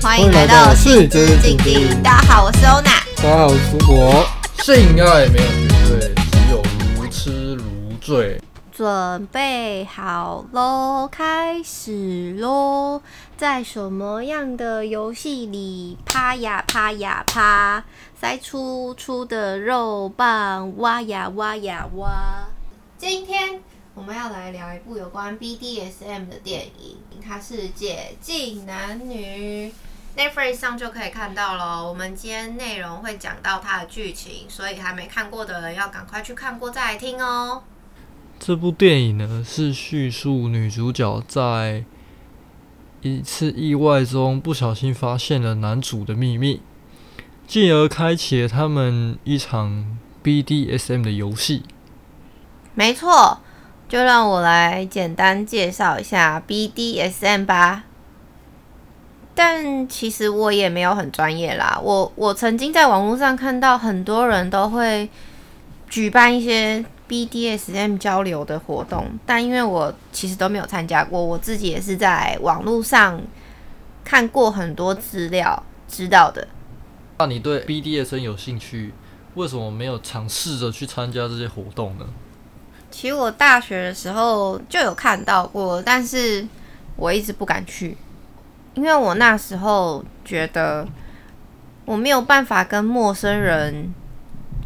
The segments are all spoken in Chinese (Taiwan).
歡迎來到《性之靜靜》。大家好，我是歐娜。大家好，我是我。性愛沒有絕對，只有如癡如醉。準備好嘍，開始嘍！在什麼樣的遊戲裡趴呀趴呀趴，塞粗粗的肉棒，挖呀挖呀挖。今天。我們要來聊一部有關 BDSM 的電影，它是《解禁男女》。Netflix 上就可以看到了。我們今天內容會講到它的劇情，所以還沒看過的人要趕快去看過再來聽哦。這部電影呢，是敘述女主角在一次意外中不小心發現了男主的秘密，進而開啟了他們一場 BDSM 的遊戲。沒錯。就讓我來簡單介紹一下 BDSM 吧。但其實我也沒有很專業啦，我我曾經在網絡上看到很多人都會舉辦一些 BDSM 交流的活動，但因為我其實都沒有參加過，我自己也是在網絡上看過很多資料，知道的。那你對 BDSM 有興趣，為什麼沒有嘗試着去參加這些活動呢？其實我大學的時候就有看到過，但是我一直不敢去，因為我那時候覺得我沒有辦法跟陌生人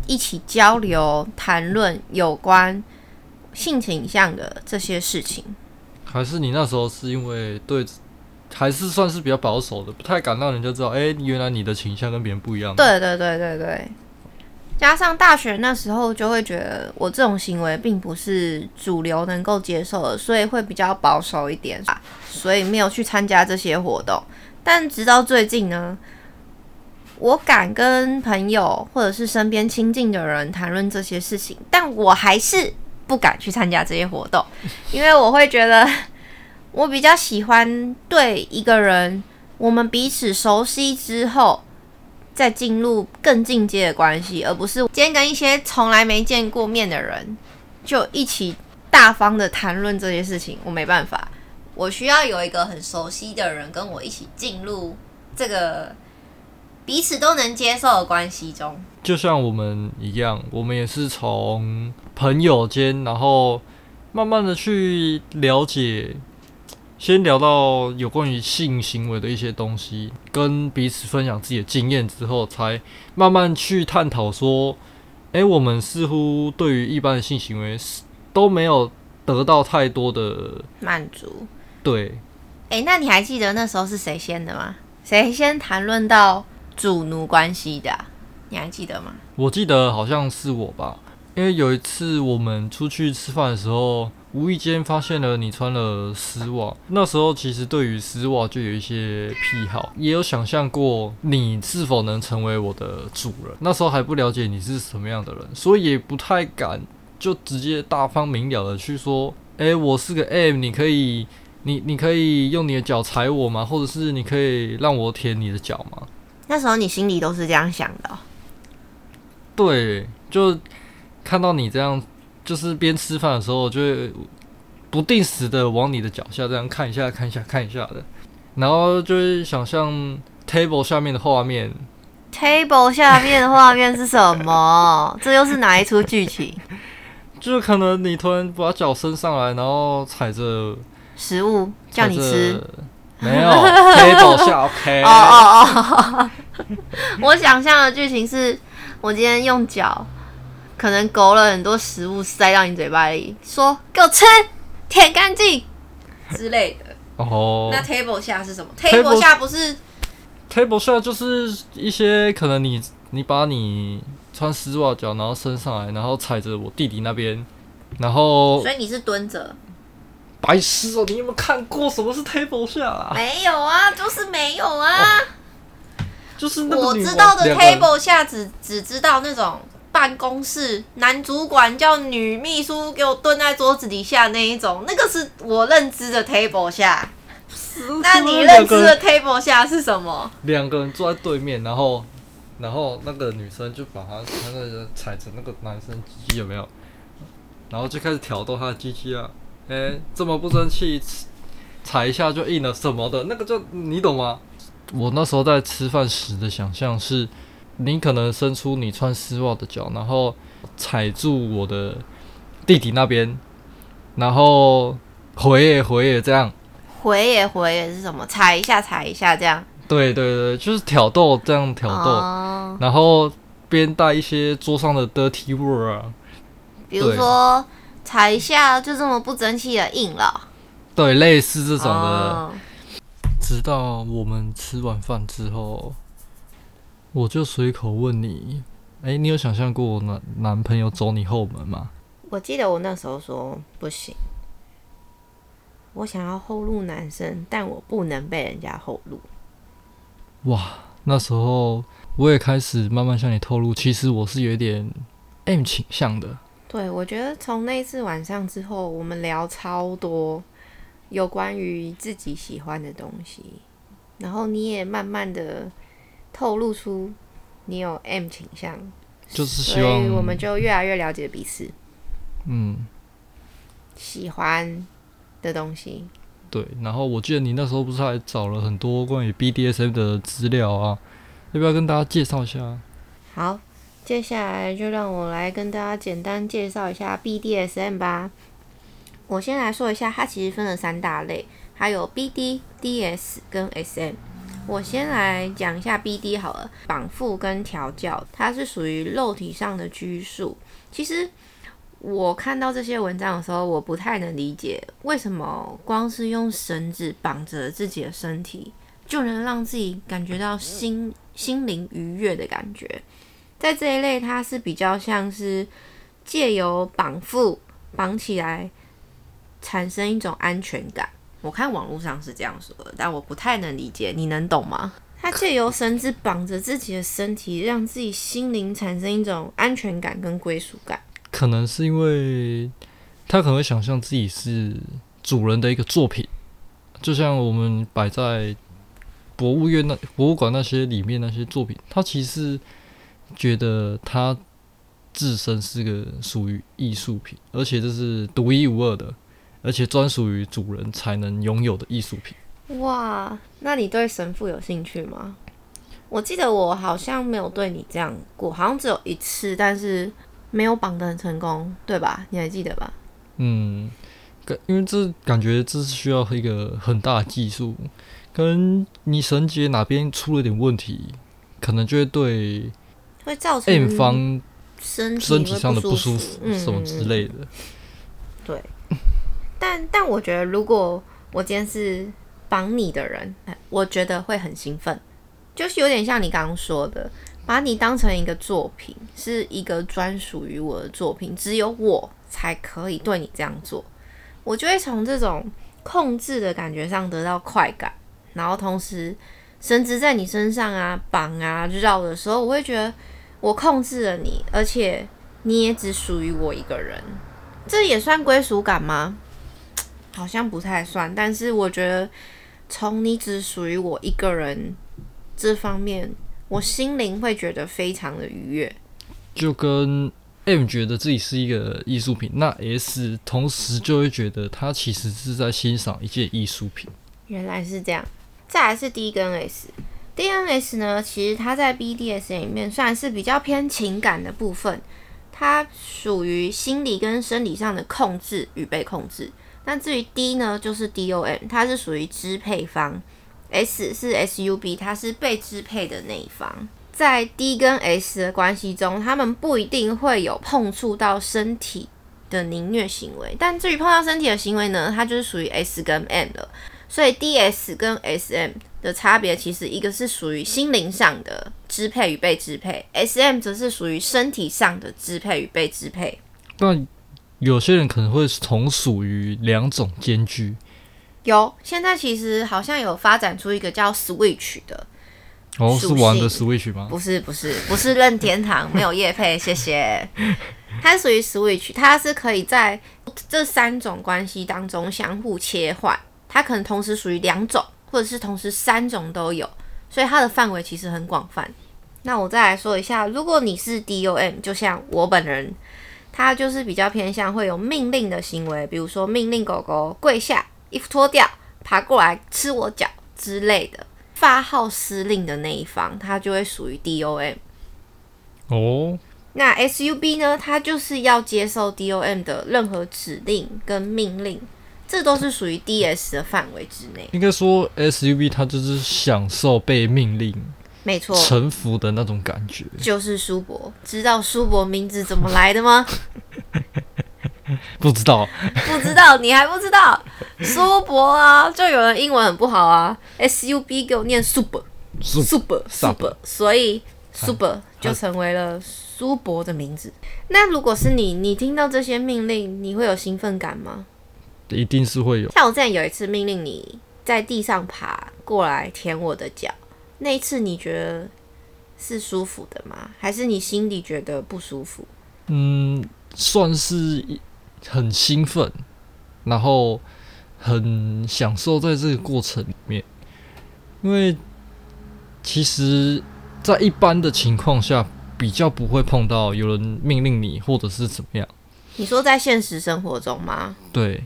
一起交流、談論有關性傾向的這些事情。還是你那時候是因為對，還是算是比較保守的，不太敢讓人家知道。哎、欸，原來你的傾向跟別人不一樣。對對對對對。加上大學那時候，就會覺得我這種行為並不是主流能夠接受的，所以會比較保守一點，所以沒有去參加這些活動。但直到最近呢，我敢跟朋友或者是身邊親近的人談論這些事情，但我還是不敢去參加這些活動，因為我會覺得我比較喜歡對一個人，我們彼此熟悉之後。在進入更進階的關係，而不是今天跟一些從來沒見過面的人就一起大方的談論這些事情。我沒辦法，我需要有一個很熟悉的人跟我一起進入這個彼此都能接受的關係中，就像我們一樣，我們也是從朋友間，然後慢慢的去了解。先聊到有關於性行為的一些東西，跟彼此分享自己的經驗之後，才慢慢去探討說，欸，我們似乎對於一般的性行為是都沒有得到太多的滿足。對，欸，那你還記得那時候是誰先的嗎？誰先談論到主奴關係的啊？你還記得嗎？我記得好像是我吧，因為有一次我們出去吃飯的時候。無意間發現了你穿了絲襪，那時候其實對於絲襪就有一些癖好，也有想象過你是否能成為我的主人。那時候還不了解你是什麼樣的人，所以也不太敢就直接大方明了的去說：“欸，我是個 M，你可以，你你可以用你的腳踩我嗎？或者是你可以讓我舔你的腳嗎？”那時候你心裡都是這樣想的哦。對，就看到你這樣。就是邊吃飯的時候，就會不定時的往你的腳下這樣看一下、看一下、看一下的，然後就會想象 table 下面的畫面。table 下面的畫面是什麼？ 這又是哪一出劇情？就可能你突然把腳伸上來，然後踩着食物叫你吃，沒有 table 下，OK。哦哦哦，我想象的劇情是，我今天用腳。可能勾了很多食物塞到你嘴巴裡，說“給我吃，舔乾淨”嘿之類的。哦，那 table 下是什麼？table 下不是 table 下，就是一些可能你你把你穿絲襪腳，然後伸上來，然後踩着我弟弟那邊，然後所以你是蹲着。白痴哦、喔！你有沒有看過什麼是 table 下啊？沒有啊，就是沒有啊，哦、就是那我知道的 table 下只只知道那種。辦公室男主管叫女秘書給我蹲在桌子底下那一種，那個是我認知的 table 下。 那你認知的 table 下是什麼？兩個人，兩個人坐在對面，然後，然後那個女生就把他，他那個人踩成那個男生雞雞有沒有？然後就開始挑逗他的雞雞啊，哎、欸，這麼不爭氣，踩一下就硬了什麼的，那個就你懂嗎？我那時候在吃飯時的想象是。你可能伸出你穿絲襪的腳，然後踩住我的弟弟那邊，然後回也回也這樣，回也回也是什麼？踩一下踩一下這樣，對對對，就是挑逗這樣挑逗，嗯，然後邊帶一些桌上的 dirty word，啊，比如說對踩一下就這麼不爭氣的硬了，對，類似這種的，嗯，直到我們吃完飯之後。我就隨口問你，哎、欸，你有想象過我男男朋友走你後門嗎？我記得我那時候說不行，我想要後入男生，但我不能被人家後入。哇，那時候我也開始慢慢向你透露，其實我是有一點 M 傾向的。對，我覺得從那一次晚上之後，我們聊超多有關於自己喜歡的東西，然後你也慢慢的。透露出你有 M 傾向，就是希望，所以我們就越來越了解彼此。嗯，喜歡的東西。對，然後我記得你那時候不是還找了很多關於 BDSM 的資料啊？要不要跟大家介紹一下？好，接下來就讓我來跟大家簡單介紹一下 BDSM 吧。我先來說一下，它其實分了三大類，還有 BD、DS 跟 SM。我先來講一下 BD 好了，綁縛跟調教，它是屬於肉體上的拘束。其實我看到這些文章的時候，我不太能理解，為什麼光是用繩子綁着自己的身體，就能讓自己感覺到心心靈愉悅的感覺？在這一類，它是比較像是借由綁縛綁起來，產生一種安全感。我看網絡上是這樣說的，但我不太能理解，你能懂嗎？他借由繩子綁着自己的身體，讓自己心靈產生一種安全感跟歸屬感。可能是因為他可能會想象自己是主人的一個作品，就像我們擺在博物院，那博物館那些裡面那些作品，他其實覺得他自身是個屬於藝術品，而且這是獨一無二的。而且專屬於主人才能擁有的藝術品。哇，那你對繩縛有興趣嗎？我記得我好像沒有對你這樣過，好像只有一次，但是沒有綁得很成功，對吧？你還記得吧？嗯，感因為這感覺這是需要一個很大的技術，可能你繩結哪邊出了點問題，可能就會對會造成 M 方身體上的不舒服什麼之類的，嗯，對。但但我覺得，如果我今天是綁你的人，我覺得會很興奮，就是有點像你剛剛說的，把你當成一個作品，是一個專屬於我的作品，只有我才可以對你這樣做，我就會從這種控制的感覺上得到快感。然後同時繩子在你身上啊綁啊繞的時候，我會覺得我控制了你，而且你也只屬於我一個人，這也算歸屬感嗎？好像不太算，但是我覺得從“你只屬於我一個人”這方面，我心靈會覺得非常的愉悅。就跟 M 覺得自己是一個藝術品，那 S 同時就會覺得他其實是在欣賞一件藝術品。原來是這樣。再來是 D 跟 S，D 跟 S 呢？其實它在 B D S M 裡面算是比較偏情感的部分，它屬於心理跟生理上的控制與被控制。但至於 D 呢，就是 D O M，它是屬於支配方；S 是 S U B，它是被支配的那一方。在 D 跟 S 的關係中，他們不一定會有碰觸到身體的凌虐行為，但至於碰到身體的行為呢，它就是屬於 S 跟 M 了。所以 D S 跟 S M 的差別，其實一個是屬於心靈上的支配與被支配，S M 則是屬於身體上的支配與被支配。對、嗯有些人可能會同屬於兩種兼具。有，現在其實好像有發展出一個叫 Switch 的。哦，是玩的 Switch 嗎？不是，不是，不是任天堂， 沒有業配，謝謝。它屬於 Switch，它是可以在這三種關係當中相互切換。它可能同時屬於兩種，或者是同時三種都有，所以它的範圍其實很廣泛。那我再來說一下，如果你是 DOM，就像我本人。它就是比較偏向會有命令的行為，比如說命令狗狗跪下、衣服脫掉、爬過來吃我腳之類的，發號施令的那一方，它就會屬於 DOM。哦，那 SUB 呢？它就是要接受 DOM 的任何指令跟命令，這都是屬於 DS 的範圍之內。應該說，SUB 它就是享受被命令。沒錯，臣服的那種感覺就是蘇博。知道蘇博名字怎麼來的嗎？ 不知道， 不知道，你還不知道蘇博啊？就有人英文很不好啊。S U B 給我念 Super，Super，Super，所以 Super 才就成為了蘇博的名字。呵呵，那如果是你，你聽到這些命令，你會有興奮感嗎？一定是會有。像我之前有一次命令你在地上爬過來舔我的腳。那一次你覺得是舒服的嗎？還是你心裡覺得不舒服？嗯，算是很興奮，然後很享受在這個過程裡面。因為其實，在一般的情況下，比較不會碰到有人命令你，或者是怎麼樣。你說在現實生活中嗎？對，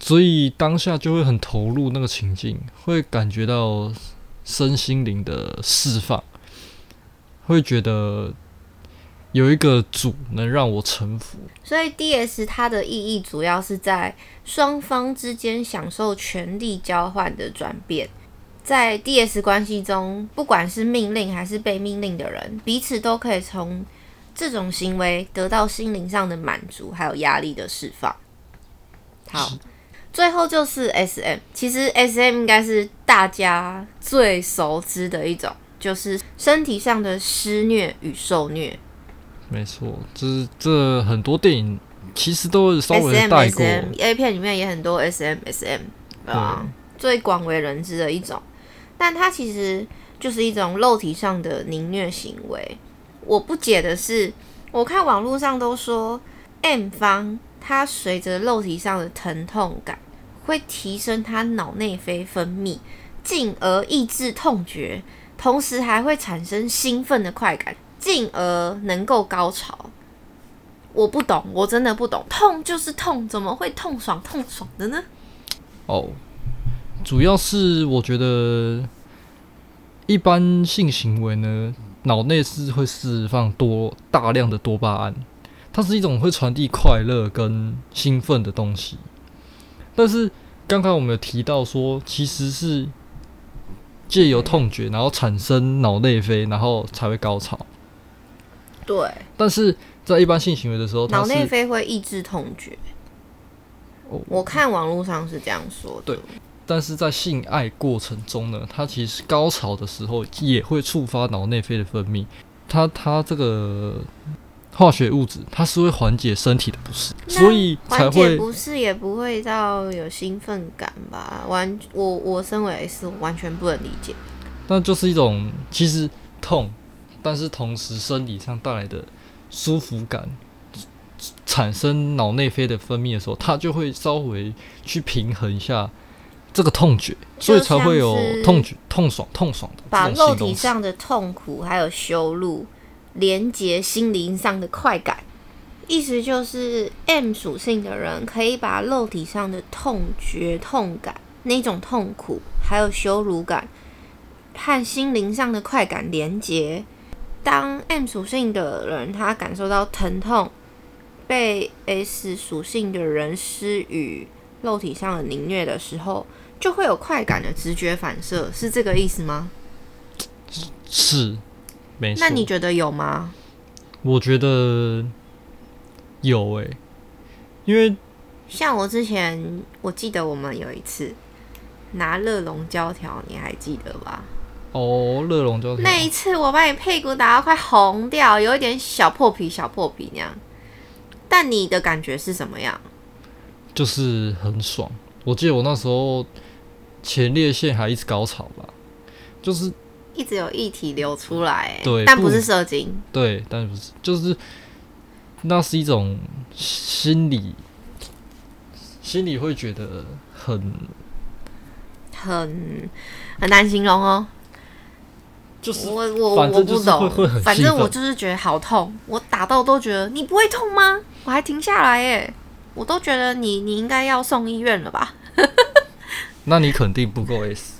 所以當下就會很投入那個情境，會感覺到。身心靈的釋放，會覺得有一個主能讓我臣服。所以，DS 它的意義主要是在雙方之間享受權力交換的轉變。在 DS 關係中，不管是命令還是被命令的人，彼此都可以從這種行為得到心靈上的滿足，還有壓力的釋放。好。最後就是 S M，其實 S M 應該是大家最熟知的一種，就是身體上的施虐與受虐。沒錯，就是這很多電影其實都是稍微帶過。SM, SM, A 片裡面也很多 SM、SM，啊對，最廣為人知的一種，但它其實就是一種肉體上的凌虐行為。我不解的是，我看網絡上都說 M 方，它隨着肉體上的疼痛感。會提升他腦內啡分泌，進而抑制痛覺，同時還會產生興奮的快感，進而能夠高潮。我不懂，我真的不懂，痛就是痛，怎麼會痛爽痛爽的呢？哦，oh, 主要是我覺得一般性行為呢，腦內是會釋放多大量的多巴胺，它是一種會傳遞快樂跟興奮的東西。但是剛剛我們有提到說，其實是借由痛覺，然後產生腦內啡，然後才會高潮。對。但是在一般性行為的時候，腦內啡會抑制痛覺。Oh. 我看網絡上是這樣說，對。但是在性愛過程中呢，它其實高潮的時候也會觸發腦內啡的分泌，它它這個。化學物質，它是會緩解身體的不適，那所以才會緩解不適也不會到有興奮感吧？完，我我身為 S 完全不能理解。那就是一種其實痛，但是同時生理上帶來的舒服感，產生腦內啡的分泌的時候，它就會稍微去平衡一下這個痛覺，所以才會有痛覺痛爽痛爽的。把肉體上的痛苦還有羞辱。連接心靈上的快感，意思就是 M 屬性的人可以把肉體上的痛覺、痛感那種痛苦，還有羞辱感和心靈上的快感連接。當 M 屬性的人他感受到疼痛，被 S 屬性的人施予肉體上的凌虐的時候，就會有快感的直覺反射，是這個意思嗎？是。沒那你覺得有嗎？我覺得有誒、欸，因為像我之前，我記得我們有一次拿熱熔膠條，你還記得吧？哦，熱熔膠條。那一次我把你屁股打到快紅掉，有一點小破皮，小破皮那樣。但你的感覺是什麼樣？就是很爽。我記得我那時候前列腺還一直高潮吧，就是。一直有液體流出來，對，但不是射精，對，但不是，就是那是一種心理，心理會覺得很很很難形容哦、喔。就是我我我不懂，反正我就是覺得好痛，我打到都覺得你不會痛嗎？我還停下來耶，我都覺得你你應該要送醫院了吧？ 那你肯定不夠 S。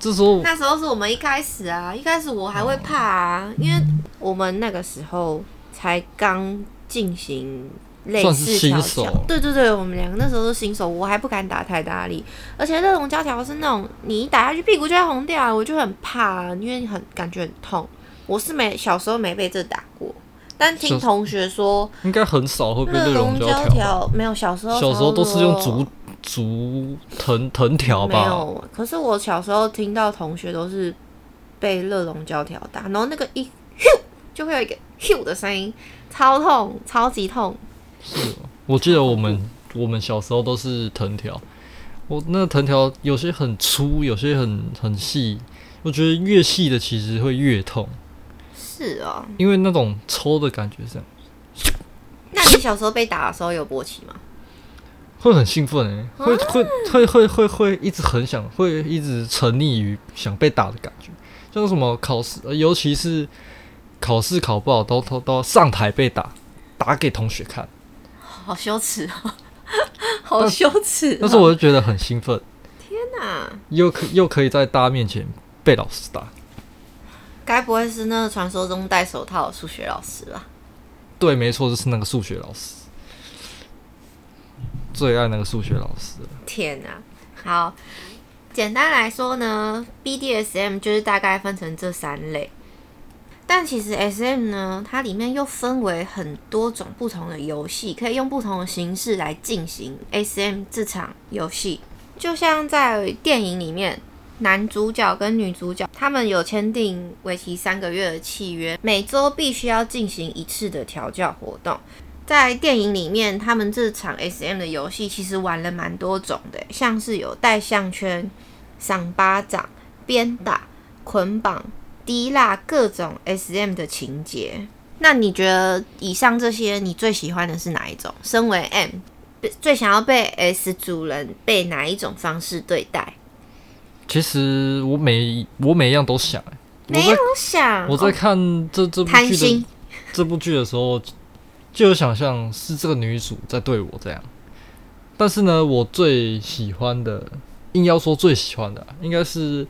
這時候那時候是我們一開始啊，一開始我還會怕啊，哦、因為我們那個時候才剛進行類似教學，對對對，我們兩個那時候是新手，我還不敢打太大力，而且熱熔膠條是那種你一打下去屁股就要紅掉，我就很怕，因為很感覺很痛。我是沒小時候沒被這打過，但聽同學說應該很少會被熱熔膠條，條，沒有，小時候小時候都是用竹，竹藤藤條吧，沒有。可是我小時候聽到同學都是被熱熔膠條打，然後那個一咻就會有一個咻的聲音，超痛，超級痛。是哦，我記得我們我們小時候都是藤條，我那藤條有些很粗，有些很很細。我覺得越細的其實會越痛。是哦，因為那種抽的感覺是。那你小時候被打的時候有勃起嗎？ 會很興奮哎，會會會會會會一直很想，會一直沉溺於想被打的感覺，像什麼考試，尤其是考試考不好都都都都上台被打，打給同學看，好羞恥哦，好羞恥哦。但，但是我就覺得很興奮，天哪，又可又可以在大家面前被老師打，該不會是那個傳說中戴手套的數學老師吧？對，沒錯，就是那個數學老師。最愛那個數學老師。天吶、啊。好，簡單來說呢，BDSM 就是大概分成這三類，但其實 SM 呢，它裡面又分為很多種不同的遊戲，可以用不同的形式來進行 SM 這場遊戲。就像在電影裡面，男主角跟女主角他們有簽訂為期三個月的契約，每周必須要進行一次的調教活動。在電影裡面，他們這場 S M 的遊戲其實玩了蠻多種的，像是有戴項圈、賞巴掌、鞭打、捆綁、滴蠟，各種 S M 的情節。那你覺得以上這些，你最喜歡的是哪一種？身為 M，最想要被 S 主人被哪一種方式對待？其實我每我每樣都想，沒有想我。我在看這這部劇的貪心這部劇的時候。就有想象是這個女主在對我這樣，但是呢，我最喜歡的，硬要說最喜歡的啊，應該是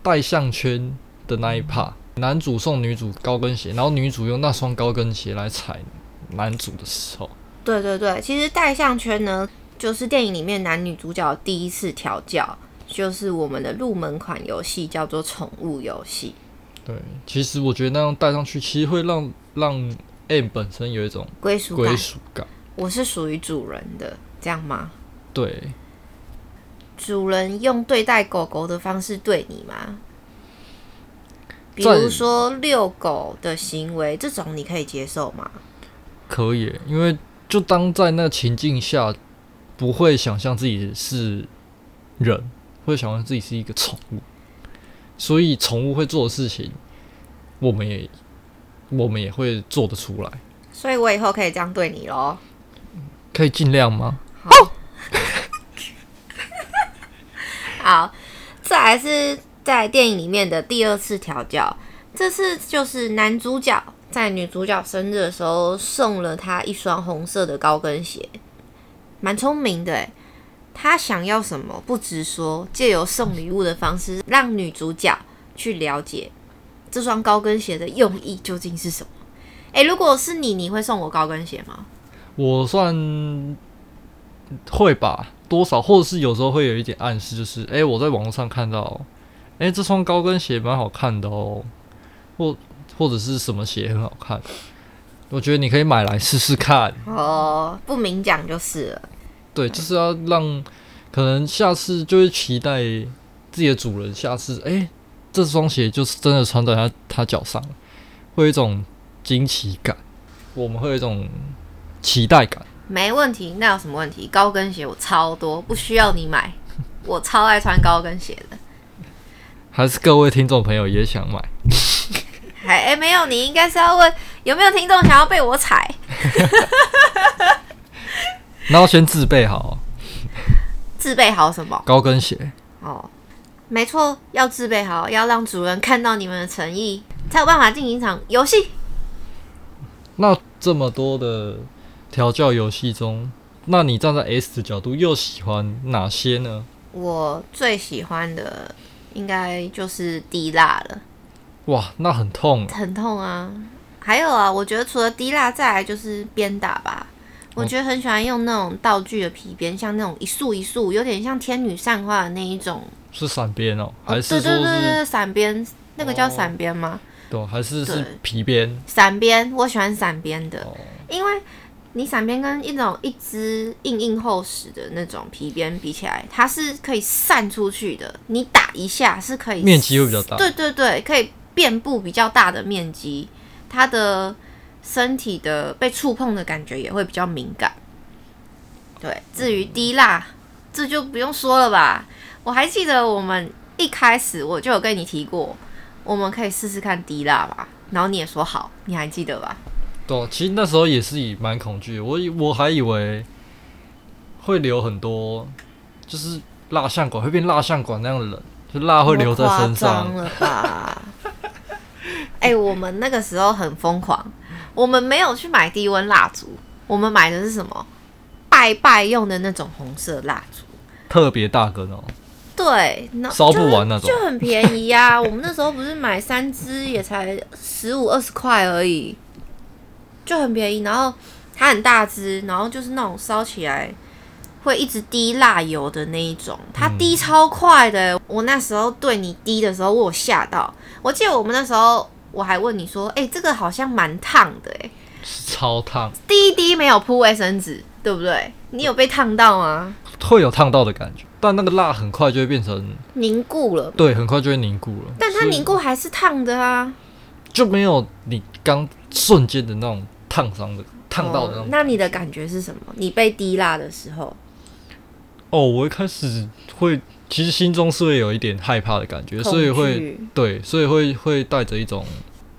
戴項圈的那一趴。男主送女主高跟鞋，然後女主用那雙高跟鞋來踩男主的時候。對對對，其實戴項圈呢，就是電影裡面男女主角第一次調教，就是我們的入門款遊戲叫做寵物遊戲。對，其實我覺得那樣戴上去，其實會讓讓。M 本身有一種歸屬歸屬感，我是屬於主人的，這樣嗎？對，主人用對待狗狗的方式對你嗎？在比如說遛狗的行為，這種你可以接受嗎？可以，因為就當在那情境下，不會想象自己是人，會想象自己是一個寵物，所以寵物會做的事情，我們也。我們也會做得出來，所以我以後可以這樣對你咯。可以盡量嗎？好， 好，這還是在電影裡面的第二次調教。這次就是男主角在女主角生日的時候送了她一雙紅色的高跟鞋，蠻聰明的。他想要什麼，不直說，借由送禮物的方式讓女主角去了解。這雙高跟鞋的用意究竟是什麼？哎，如果是你，你會送我高跟鞋嗎？我算會吧，多少，或者是有時候會有一點暗示，就是哎，我在網絡上看到，哎，這雙高跟鞋蠻好看的哦，或或者是什麼鞋很好看，我覺得你可以買來試試看。哦，不明講就是了。對，嗯，就是要讓可能下次就是期待自己的主人下次哎。誒這雙鞋就是真的穿在他他腳上，會有一種驚奇感。我們會有一種期待感。沒問題，那有什麼問題？高跟鞋我超多，不需要你買，我超愛穿高跟鞋的。還是各位聽眾朋友也想買？哎哎，沒有，你應該是要問有沒有聽眾想要被我踩？ 那要先自備好，自備好什麼？高跟鞋。哦。沒錯，要自備好，要讓主人看到你們的誠意，才有辦法進行一場遊戲。那這麼多的調教遊戲中，那你站在 S 的角度又喜歡哪些呢？我最喜歡的應該就是滴蠟了。哇，那很痛啊，很痛啊！還有啊，我覺得除了滴蠟，再來就是鞭打吧。我覺得很喜歡用那種道具的皮鞭，像那種一束一束，有點像天女散花的那一種。是散鞭，喔、哦，還是，是對對對對散鞭那個叫散鞭嗎、哦？對，還是是皮鞭。散鞭我喜歡散鞭的，哦、因為你散鞭跟一種一隻硬硬厚實的那種皮鞭比起來，它是可以散出去的，你打一下是可以面積會比較大。對對對，可以遍布比較大的面積，它的身體的被觸碰的感覺也會比較敏感。對，至於滴蠟，嗯、這就不用說了吧。我還記得我們一開始我就有跟你提過，我們可以試試看滴蠟吧，然後你也說好，你還記得吧？對、啊，其實那時候也是蠻恐懼，我我還以為會留很多，就是蠟像館會變蠟像館那樣的人，就蠟、是、會留在身上了吧？哎、 欸，我們那個時候很瘋狂，我們沒有去買低溫蠟燭，我們買的是什麼？拜拜用的那種紅色蠟燭，特別大個的、哦。對，燒、就是、不完那種就很便宜呀、啊。 我們那時候不是買三支也才十五二十塊而已，就很便宜。然後它很大支，然後就是那種燒起來會一直滴蠟油的那一種，它滴超快的、欸。嗯、我那時候對你滴的時候，我有嚇到。我記得我們那時候我還問你說：“哎、欸，這個好像蠻燙的、欸，哎燙，超燙。”滴滴沒有鋪衛生紙，對不對？你有被燙到嗎？會有燙到的感覺。但那個蠟很快就會變成凝固了，對，很快就會凝固了。但它凝固還是燙的啊，就沒有你剛瞬間的那種燙傷的燙到的那種、哦。那你的感覺是什麼？你被滴蠟的時候？哦，我一開始會，其實心中是會有一點害怕的感覺，恐懼。所以會，對，所以會會帶着一種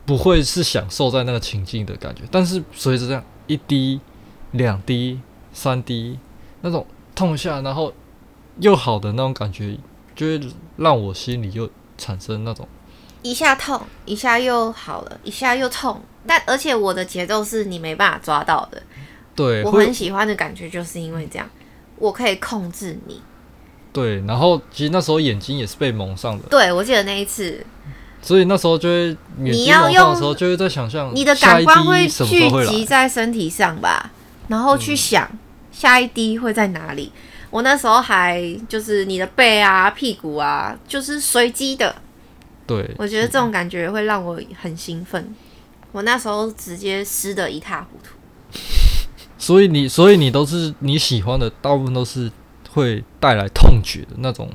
不會是享受在那個情境的感覺。但是隨着這樣一滴、兩滴、三滴那種痛下，然後。又好的那種感覺，就會讓我心裡又產生那種，一下痛，一下又好了，一下又痛。但而且我的節奏是你沒辦法抓到的。對，我很喜歡的感覺就是因為這樣，會我可以控制你。對，然後其實那時候眼睛也是被蒙上的。對，我記得那一次。所以那時候就會你要用的時候，就會在想象。你的感官會聚集在身體上吧，然後去想下一滴會在哪裡。嗯我那時候還就是你的背啊、屁股啊，就是隨機的。對，我覺得這種感覺會讓我很興奮。的我那時候直接濕得一塌糊塗。所以你，所以你都是你喜歡的，大部分都是會帶來痛覺的那種。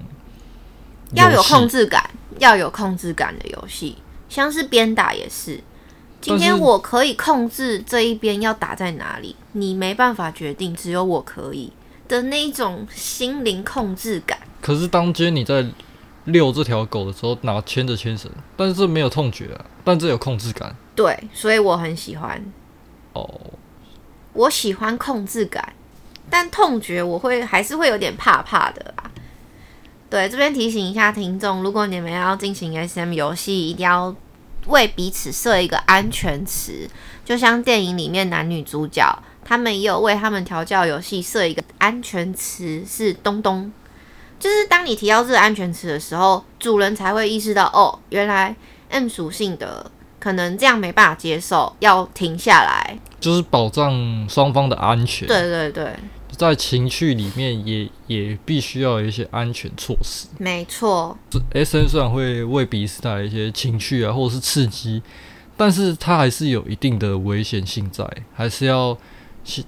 要有控制感，要有控制感的遊戲，像是鞭打也是。今天我可以控制這一邊要打在哪裡，是你沒辦法決定，只有我可以。的那一種心靈控制感。可是當天你在遛這條狗的時候，拿牽着牽繩，但是沒有痛覺啊，但是有控制感。對，所以我很喜歡。哦，我喜歡控制感，但痛覺我會還是會有點怕怕的啊。對，這邊提醒一下聽眾，如果你們要進行 SM 遊戲，一定要為彼此設一個安全詞，就像電影裡面男女主角。他們也有為他們調教遊戲設一個安全詞，是“東東”，就是當你提到這個安全詞的時候，主人才會意識到，哦，原來 M 屬性的可能這樣沒辦法接受，要停下來，就是保障雙方的安全。對對對，在情趣裡面也也必須要有一些安全措施。沒錯，SM 雖然會為彼此帶來一些情趣啊，或者是刺激，但是它還是有一定的危險性在，還是要。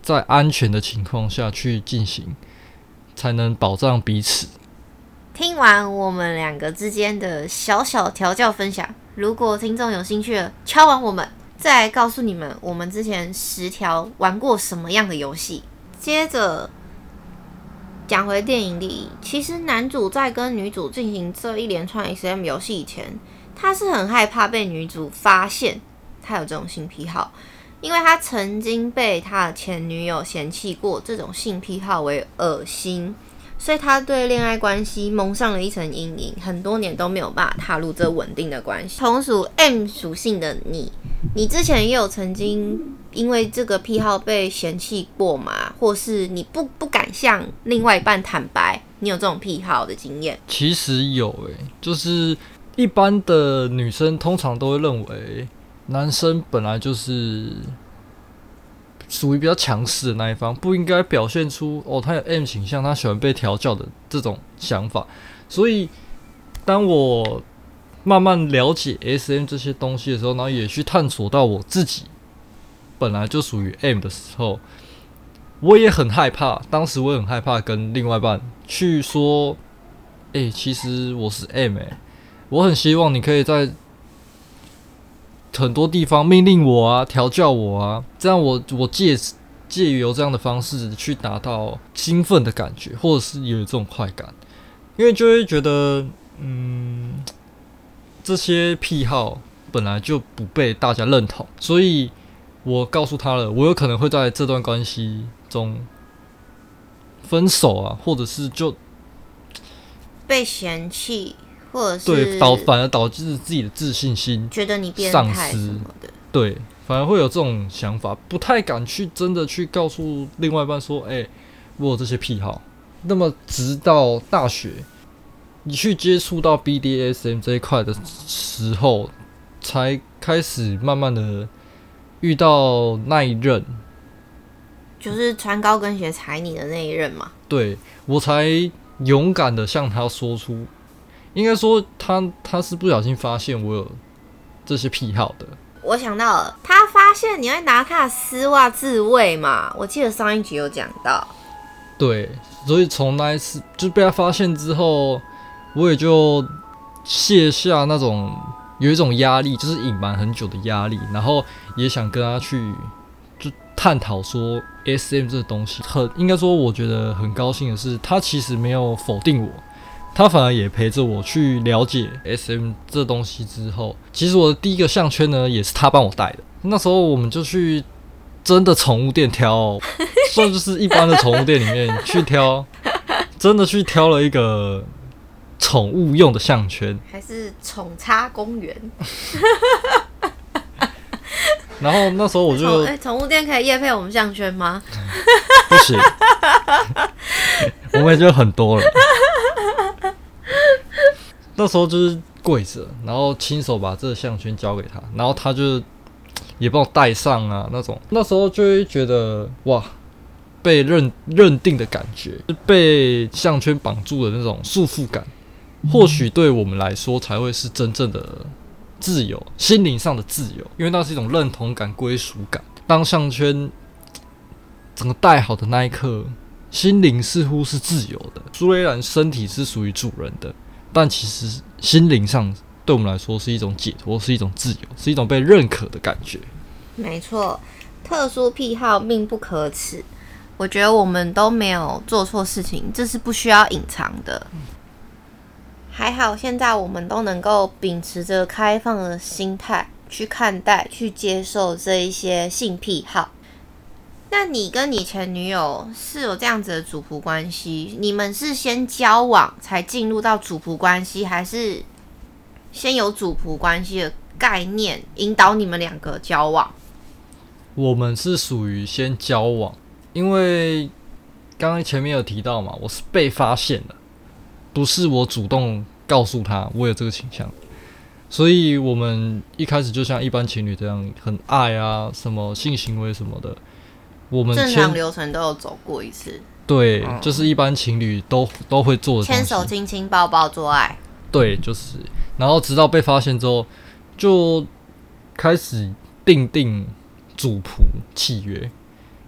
在安全的情況下去進行，才能保障彼此。聽完我們兩個之間的小小調教分享，如果聽眾有興趣了，敲碗我們再告訴你們，我們之前十條玩過什麼樣的遊戲。接着講回電影裡，其實男主在跟女主進行這一連串 SM 遊戲以前，他是很害怕被女主發現他有這種性癖好。因為他曾經被他的前女友嫌棄過這種性癖好為噁心，所以他對戀愛關係蒙上了一層陰影，很多年都沒有辦法踏入這穩定的關係。同屬 M 屬性的你，你之前也有曾經因為這個癖好被嫌棄過嗎？或是你不不敢向另外一半坦白，你有這種癖好的經驗？其實有哎、欸，就是一般的女生通常都會認為。男生本來就是屬於比較強勢的那一方，不應該表現出哦，他有 M 傾向，他喜歡被調教的這種想法。所以，當我慢慢了解 SM 這些東西的時候，然後也去探索到我自己本來就屬於 M 的時候，我也很害怕。當時我也很害怕跟另外一半去說：“欸，其實我是 M 欸，我很希望你可以在。”很多地方命令我啊，調教我啊，這樣我我借借由這樣的方式去達到興奮的感覺，或者是有這種快感，因為就會覺得嗯，這些癖好本來就不被大家認同，所以我告訴他了，我有可能會在這段關係中分手啊，或者是就被嫌棄。對，導反而導致自己的自信心喪失什麼的。對，反而會有這種想法，不太敢去真的去告訴另外一半說：“哎、欸，我有這些癖好。”那麼直到大學，你去接觸到 BDSM 這一塊的時候，嗯、才開始慢慢的遇到那一任，就是穿高跟鞋踩你的那一任嘛。對，我才勇敢地向他說出。應該說他，他他是不小心發現我有這些癖好的。我想到了，他發現你會拿他的絲襪自慰嘛？我記得上一集有講到。對，所以從那一次就被他發現之後，我也就卸下那種有一種壓力，就是隱瞞很久的壓力，然後也想跟他去就探討說 SM 這個東西。很應該說，我覺得很高興的是，他其實沒有否定我。他反而也陪着我去了解 S M 這東西之後，其實我的第一個項圈呢，也是他幫我戴的。那時候我們就去真的寵物店挑， 算就是一般的寵物店裡面 去挑，真的去挑了一個寵物用的項圈，還是寵叉公園。 然後那時候我就，哎，寵、欸、寵物店可以業配我們項圈嗎？ 不行， 我們已經很多了。那時候就是跪着，然後親手把這個項圈交給他，然後他就也幫我戴上啊那種。那時候就會覺得哇，被認認定的感覺，被項圈綁住的那種束縛感，或許對我們來說才會是真正的自由，心靈上的自由。因為那是一種認同感、歸屬感。當項圈整個戴好的那一刻，心靈似乎是自由的，雖然身體是屬於主人的。但其實心靈上，對我們來說是一種解脫，是一種自由，是一種被認可的感覺。沒錯，特殊癖好並不可恥，我覺得我們都沒有做錯事情，這是不需要隱藏的。嗯、還好，現在我們都能夠秉持着開放的心態去看待、去接受這一些性癖好。那你跟你前女友是有這樣子的主僕關係？你們是先交往才進入到主僕關係，還是先有主僕關係的概念，引導你們兩個交往？我們是屬於先交往，因為剛剛前面有提到嘛，我是被發現的，不是我主動告訴他我有這個傾向，所以我們一開始就像一般情侶這樣，很愛啊，什麼性行為什麼的。我們正常流程都有走過一次，對，嗯、就是一般情侶都都會做的，牽手、親親、抱抱、做愛，對，就是，然後直到被發現之後，就開始訂定主僕契約。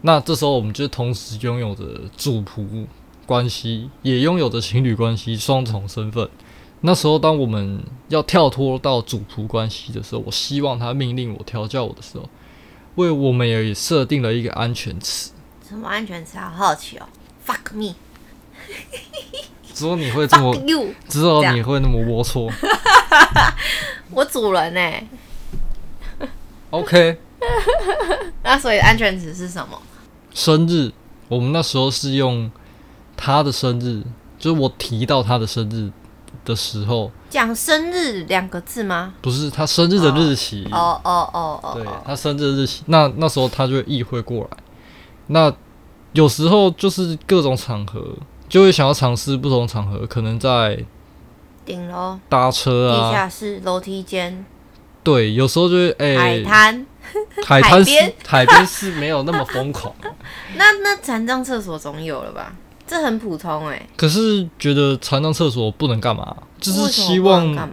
那這時候我們就同時擁有着主僕關係，也擁有着情侶關係，雙重身份。那時候，當我們要跳脫到主僕關係的時候，我希望他命令我調教我的時候。為我們也設定了一個安全詞，什麼安全詞？好好奇哦，fuck me。只有你會這麼，只有 Fuck you. 你會那麼齷齪。這樣 我主人呢？OK。 那所以安全詞是什麼？生日，我們那時候是用他的生日，就是我提到他的生日。的時候講生日兩個字嗎？不是，他生日的日期。哦哦哦哦，對他生日的日期，那那時候他就意會過來。那有時候就是各種場合，就會想要嘗試不同場合，可能在頂樓搭車啊，地下室樓梯間。對，有時候就會，欸，海灘是哎， 海灘海邊，海灘、海邊是沒有那麼瘋狂 那。那那殘障廁所總有了吧？這很普通哎、欸，可是覺得船上廁所不能幹嘛？就是什希望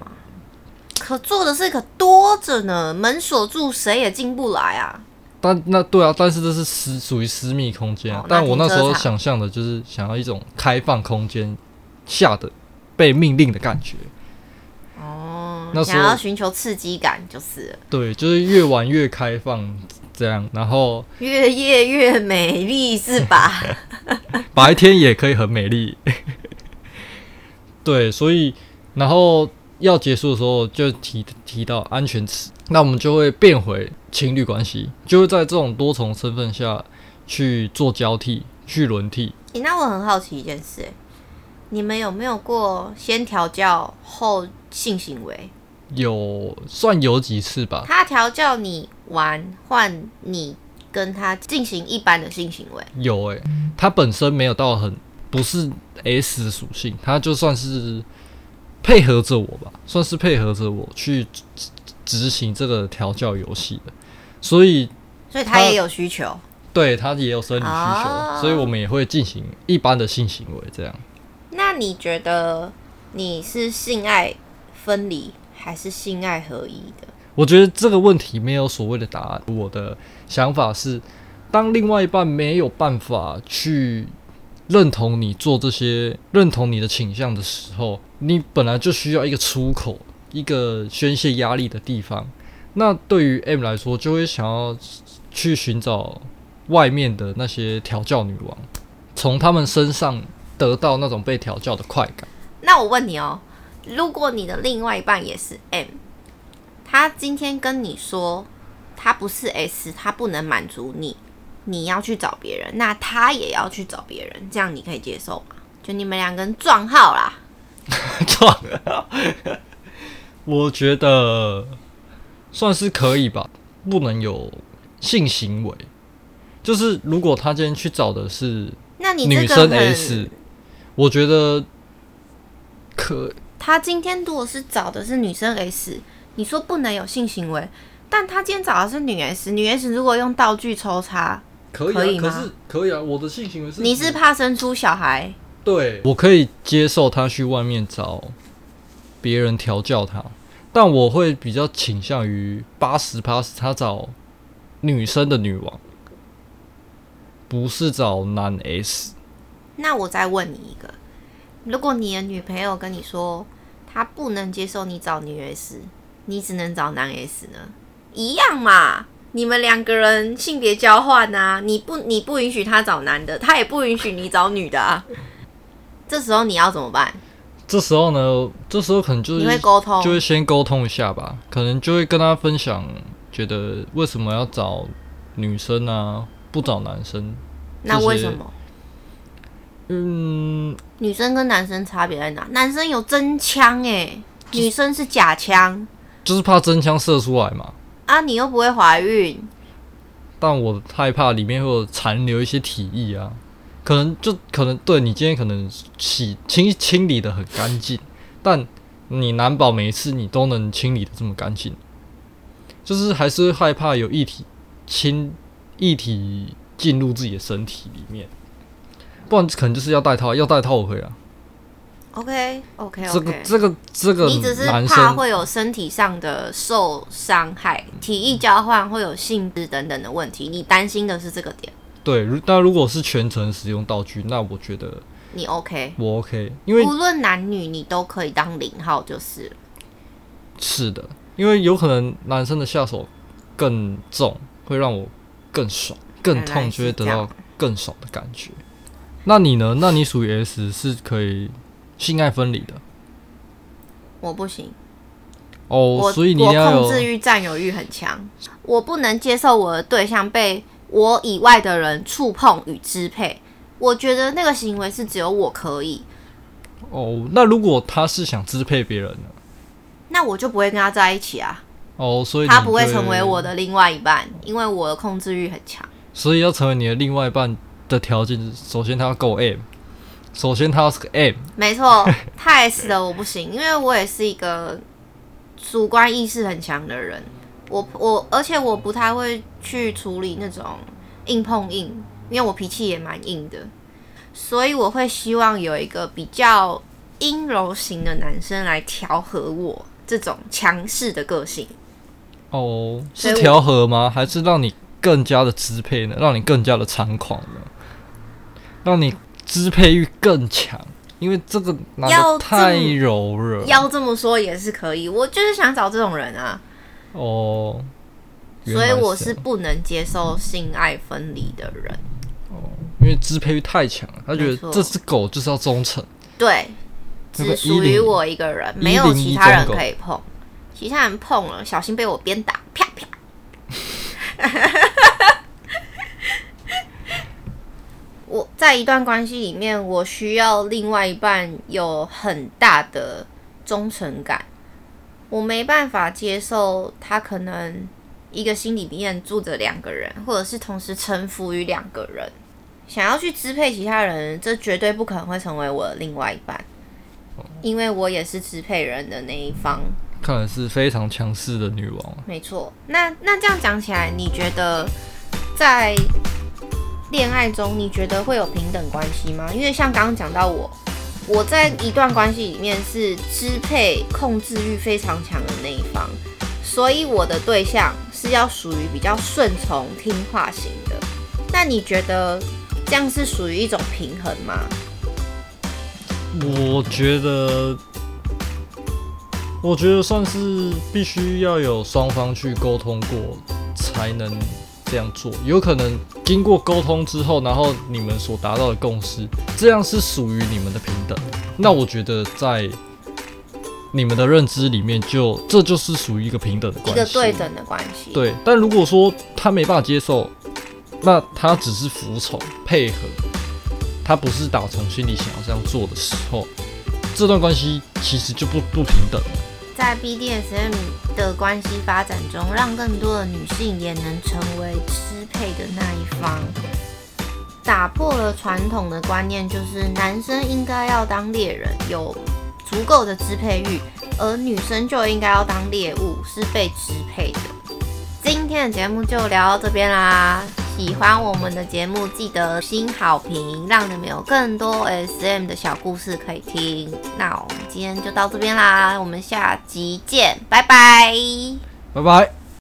可做的事可多着呢，門鎖住，誰也進不來啊。但那對啊，但是這是私屬於私密空間啊，哦，但我那時候想象的就是想要一種開放空間下的被命令的感覺。哦，那想要尋求刺激感就是對，就是越玩越開放。 這樣，然後越夜越美麗是吧？ 白天也可以很美麗。 對，所以然後要結束的時候就提提到安全詞，那我們就會變回情侶關係，就會在這種多重身份下去做交替，去輪替。你、欸、那我很好奇一件事，哎，你們有沒有過先調教後性行為？有，算有幾次吧，他調教你玩，換你跟他進行一般的性行為。有誒、欸，他本身沒有到很，不是 S 屬性，他就算是配合着我吧，算是配合着我去執行這個調教遊戲的。所以，所以他也有需求，對他也有生理需求，哦、所以我們也會進行一般的性行為這樣。那你覺得你是性愛分離？還是性愛合一的？我覺得這個問題沒有所謂的答案。我的想法是，當另外一半沒有辦法去認同你做這些、認同你的傾向的時候，你本來就需要一個出口、一個宣洩壓力的地方。那對於 M 來說，就會想要去尋找外面的那些調教女王，從他們身上得到那種被調教的快感。那我問你哦。如果你的另外一半也是 M，他今天跟你說他不是 S，他不能滿足你，你要去找別人，那他也要去找別人，這樣你可以接受嗎？就你們兩個人撞號啦，撞， 我覺得算是可以吧，不能有性行為，就是如果他今天去找的是那你女生 S，那你這個很……我覺得可。他今天如果是找的是女生 S，你說不能有性行為，但他今天找的是女 S，女 S 如果用道具抽插，可以,啊、可以嗎可是？可以啊，我的性行為是……你是怕生出小孩？對，我可以接受他去外面找別人調教他，但我會比較傾向於八十 plus 他找女生的女王，不是找男 S。 那我再問你一個。如果你的女朋友跟你說，她不能接受你找女 S，你只能找男 S 呢？一樣嘛，你們兩個人性別交換啊？你不你不允許她找男的，她也不允許你找女的啊。 這時候你要怎麼辦？這時候呢？這時候可能就是你會溝通，就會先溝通一下吧。可能就會跟她分享，覺得為什麼要找女生啊？不找男生？那為什麼？嗯，女生跟男生差別在哪？男生有真槍哎、欸，就女生是假槍，就是怕真槍射出來嘛。啊，你又不會懷孕，但我害怕裡面會有殘留一些體液啊，可能就可能對你今天可能洗清清理的很乾淨， 但你難保每一次你都能清理的這麼乾淨，就是還是害怕有異體侵異體進入自己的身體裡面。不然可能就是要帶套，要帶套我可以啊。OK OK OK，這個這個這個，這個、男生你只是怕會有身體上的受傷害、體育交換會有性質等等的問題，嗯、你擔心的是這個點。對，那如果是全程使用道具，那我覺得你 OK，我 OK，因為 okay. 無論男女，你都可以當零號，就是。是的，因為有可能男生的下手更重，會讓我更爽、更痛，就會得到更爽的感覺。那你呢？那你屬於 S，是可以性愛分離的。我不行。哦、oh, 我，所以你要控制欲、占有欲很強。我不能接受我的對象被我以外的人觸碰與支配。我覺得那個行為是只有我可以。哦，oh, 那如果他是想支配別人呢、啊？那我就不會跟他在一起啊。哦，oh, 所以他不會成為我的另外一半，因為我的控制欲很強。所以要成為你的另外一半，的條件，首先他要夠 M，首先他要是個 M。沒錯，太 S 了。我不行， 對因為我也是一個主觀意識很強的人，我我而且我不太會去處理那種硬碰硬，因為我脾氣也蠻硬的，所以我會希望有一個比較陰柔型的男生來調和我這種強勢的個性。哦、oh,，是調和嗎？還是讓你更加的支配呢？讓你更加的猖狂呢？讓你支配欲更強，因為這個要太柔了。要這麼說也是可以，我就是想找這種人啊。哦，啊、所以我是不能接受性愛分離的人，嗯。哦，因為支配欲太強了，他覺得這隻狗就是要忠誠，沒錯。對，只屬於我一個人，10, 沒有其他人可以碰，其他人碰了小心被我鞭打，啪啪。 在一段關係裡面，我需要另外一半有很大的忠誠感，我沒辦法接受他可能一個心裡面住着兩個人，或者是同時臣服於兩個人，想要去支配其他人，這絕對不可能會成為我的另外一半，因為我也是支配人的那一方。看來是非常強勢的女王。沒錯，那那這樣講起來，你覺得在？戀愛中你覺得會有平等關係嗎？因為像剛剛講到我，我在一段關係裡面是支配、控制欲非常強的那一方，所以我的對象是要屬於比較順從、聽話型的。那你覺得這樣是屬於一種平衡嗎？我覺得，我覺得算是必須要有雙方去溝通過才能。這樣做有可能經過溝通之後，然後你們所達到的共識，這樣是屬於你們的平等的。那我覺得在你們的認知裡面就，就這就是屬於一個平等的關係，對等的關係。對。但如果說他沒辦法接受，那他只是服從配合，他不是打從心裡想要這樣做的時候，這段關係其實就不不平等。在 BDSM 的關係發展中，讓更多的女性也能成為支配的那一方，打破了傳統的觀念，就是男生應該要當獵人，有足夠的支配慾，而女生就應該要當獵物，是被支配的。今天的節目就聊到這邊啦。喜歡我們的節目，記得給好評，讓你們有更多 SM 的小故事可以聽。那我們今天就到這邊啦，我們下集見，拜拜，拜拜。